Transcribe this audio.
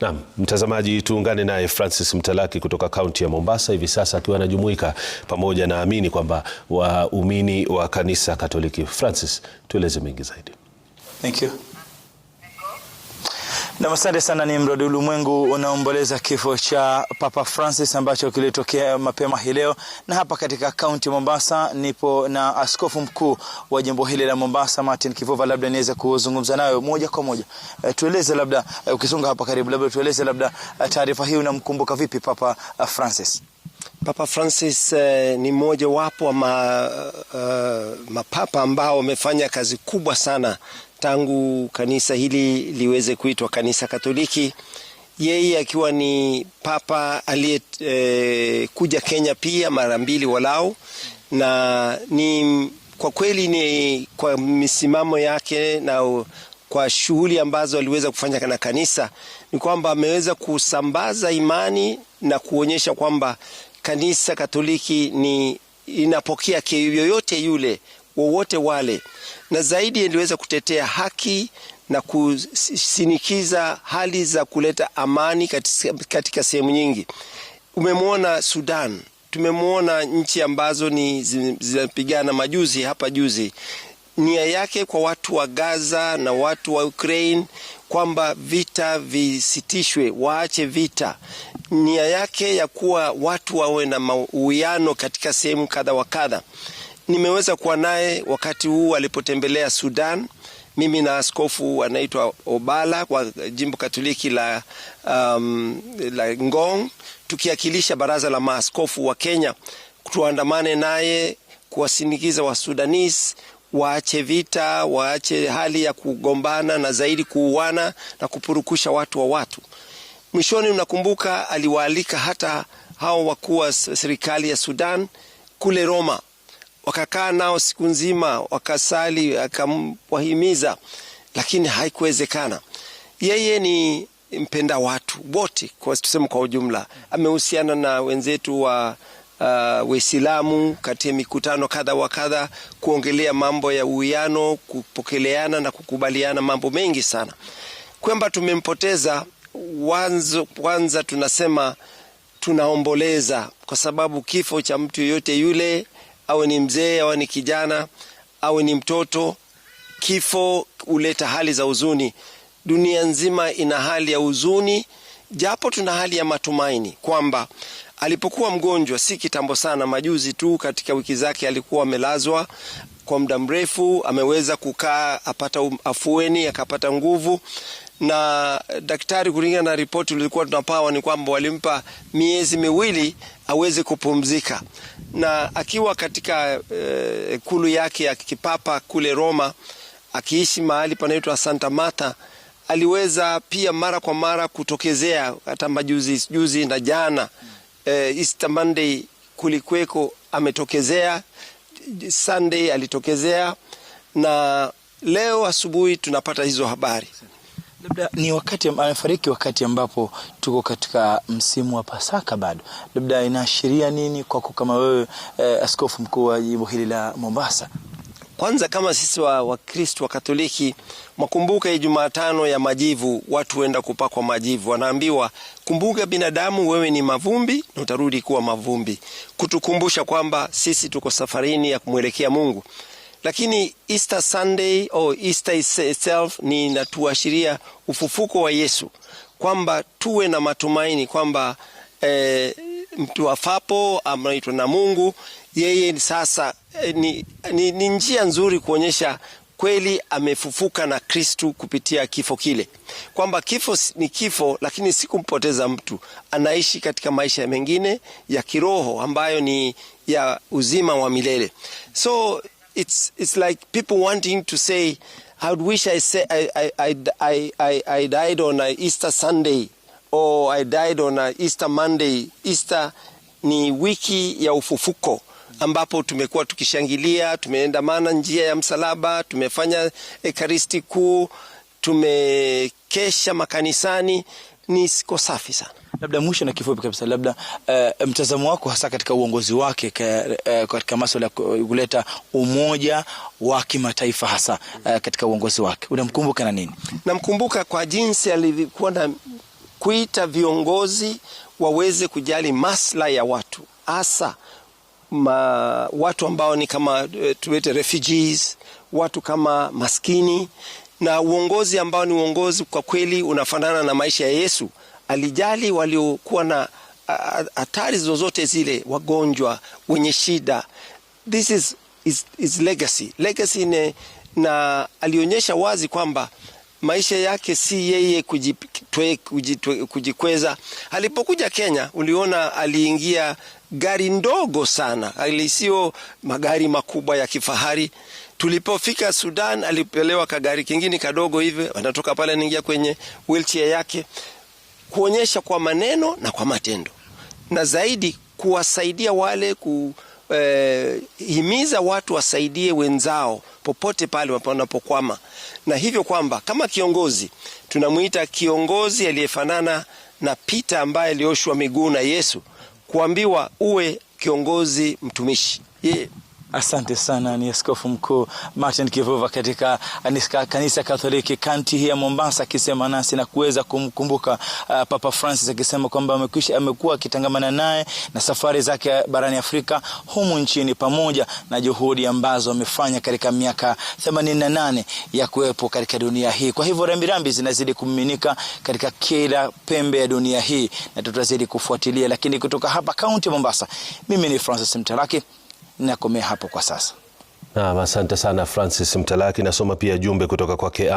Naam, mtazamaji, tuungane naye Francis Mtalaki kutoka kaunti ya Mombasa hivi sasa akiwa anajumuika pamoja na amini kwamba waumini wa kanisa Katoliki. Francis, tueleze mengi zaidi. Thank you. Na asante sana, ni mradi ulimwengu unaomboleza kifo cha Papa Francis ambacho kilitokea mapema hii leo, na hapa katika kaunti Mombasa nipo na askofu mkuu wa jimbo hili la Mombasa Martin Kivuva, labda niweze kuzungumza nayo moja kwa moja. E, tueleze labda e, ukisonga hapa karibu, labda tueleze labda eh, taarifa hii unamkumbuka vipi Papa Francis? Papa Francis eh, ni mmoja wapo wa ma, uh, mapapa ambao wamefanya kazi kubwa sana tangu kanisa hili liweze kuitwa kanisa Katoliki, yeye akiwa ni papa aliyekuja eh, e, Kenya pia mara mbili walau, na ni kwa kweli ni kwa misimamo yake na kwa shughuli ambazo aliweza kufanya na kanisa, ni kwamba ameweza kusambaza imani na kuonyesha kwamba kanisa Katoliki ni inapokea yoyote yule wowote wale, na zaidi iliweza kutetea haki na kusinikiza hali za kuleta amani katika, katika sehemu nyingi. Umemwona Sudan, tumemwona nchi ambazo ni zinapigana. Majuzi hapa juzi, nia yake kwa watu wa Gaza na watu wa Ukraine kwamba vita visitishwe, waache vita. Nia yake ya kuwa watu wawe na uwiano katika sehemu kadha wa kadha nimeweza kuwa naye wakati huu alipotembelea Sudan, mimi na askofu anaitwa Obala kwa jimbo Katoliki la, um, la Ngong, tukiakilisha baraza la maaskofu wa Kenya, tuandamane naye kuwasindikiza Wasudanis waache vita, waache hali ya kugombana na zaidi kuuana na kupurukusha watu wa watu. Mwishoni, unakumbuka aliwaalika hata hao wakuu wa serikali ya Sudan kule Roma wakakaa nao siku nzima, wakasali, akamwahimiza, lakini haikuwezekana. Yeye ni mpenda watu wote, tuseme kwa ujumla. Amehusiana na wenzetu wa uh, Waislamu ya mikutano kadha wa kadha, kuongelea mambo ya uwiano, kupokeleana na kukubaliana mambo mengi sana, kwamba tumempoteza. Kwanza tunasema tunaomboleza kwa sababu kifo cha mtu yoyote yule awe ni mzee, awe ni kijana, awe ni mtoto. Kifo huleta hali za huzuni. Dunia nzima ina hali ya huzuni, japo tuna hali ya matumaini kwamba alipokuwa mgonjwa si kitambo sana, majuzi tu, katika wiki zake alikuwa amelazwa kwa muda mrefu, ameweza kukaa apata afueni, akapata nguvu, na daktari, kulingana na ripoti ulikuwa tunapawa, ni kwamba walimpa miezi miwili aweze kupumzika, na akiwa katika eh, kulu yake ya kipapa kule Roma, akiishi mahali panaitwa Santa Marta, aliweza pia mara kwa mara kutokezea, hata majuzi juzi na jana e, Easter Monday kulikweko ametokezea, Sunday alitokezea, na leo asubuhi tunapata hizo habari. Labda ni wakati amefariki wakati ambapo tuko katika msimu wa Pasaka bado, labda inaashiria nini kwako kama wewe eh, askofu mkuu wa jimbo hili la Mombasa? Kwanza kama sisi Wakristo wa, wa Katoliki, makumbuka hii Jumatano ya majivu, watu huenda kupakwa majivu, wanaambiwa kumbuka binadamu, wewe ni mavumbi na utarudi kuwa mavumbi, kutukumbusha kwamba sisi tuko safarini ya kumwelekea Mungu lakini Easter Sunday au Easter itself ni natuashiria ufufuko wa Yesu, kwamba tuwe na matumaini kwamba e, mtu afapo anaitwa na Mungu yeye sasa e, ni, ni, ni njia nzuri kuonyesha kweli amefufuka na Kristu kupitia kifo kile, kwamba kifo ni kifo, lakini sikumpoteza mtu. Anaishi katika maisha mengine ya kiroho ambayo ni ya uzima wa milele so it's it's like people wanting to say I wish I say I I I I, I died on a Easter Sunday or I died on a Easter Monday. Easter ni wiki ya ufufuko ambapo tumekuwa tukishangilia, tumeendamana njia ya msalaba, tumefanya ekaristi kuu, tumekesha makanisani ni siko safi sana. Labda mwisho na kifupi kabisa, labda uh, mtazamo wako hasa katika uongozi wake ka, uh, eh, katika masuala ya kuleta umoja wa kimataifa hasa uh, katika uongozi wake unamkumbuka na nini? Namkumbuka kwa jinsi alivyokuwa na kuita viongozi waweze kujali maslahi ya watu hasa ma, watu ambao ni kama tuwete refugees, watu kama maskini na uongozi ambao ni uongozi kwa kweli unafanana na maisha ya Yesu. Alijali waliokuwa na hatari zozote zile, wagonjwa, wenye shida. This is, is, is legacy. Legacy ne, na alionyesha wazi kwamba maisha yake si yeye kujitwe, kujitwe, kujikweza. Alipokuja Kenya, uliona aliingia gari ndogo sana, alisio magari makubwa ya kifahari Tulipofika Sudan alipelewa kagari kingine kadogo hivi, anatoka pale anaingia kwenye wheelchair yake, kuonyesha kwa maneno na kwa matendo, na zaidi kuwasaidia wale ku Eh, himiza watu wasaidie wenzao popote pale wanapokwama, na hivyo kwamba kama kiongozi tunamwita kiongozi aliyefanana na Pita ambaye alioshwa miguu na Yesu, kuambiwa uwe kiongozi mtumishi. Ye, Asante sana. Ni askofu mkuu Martin Kivuva katika kanisa Katholiki kanti hii ya Mombasa akisema nasi na kuweza kumkumbuka uh, Papa Francis akisema kwamba amekuwa akitangamana naye na safari zake barani Afrika humu nchini pamoja na juhudi ambazo amefanya katika miaka 88 ya kuwepo katika dunia hii. Kwa hivyo rambirambi zinazidi kumiminika katika kila pembe ya dunia hii na tutazidi kufuatilia, lakini kutoka hapa kaunti Mombasa, mimi ni Francis mtaraki nakomea hapo kwa sasa. Naam, asante sana Francis Mtalaki. Nasoma pia jumbe kutoka kwake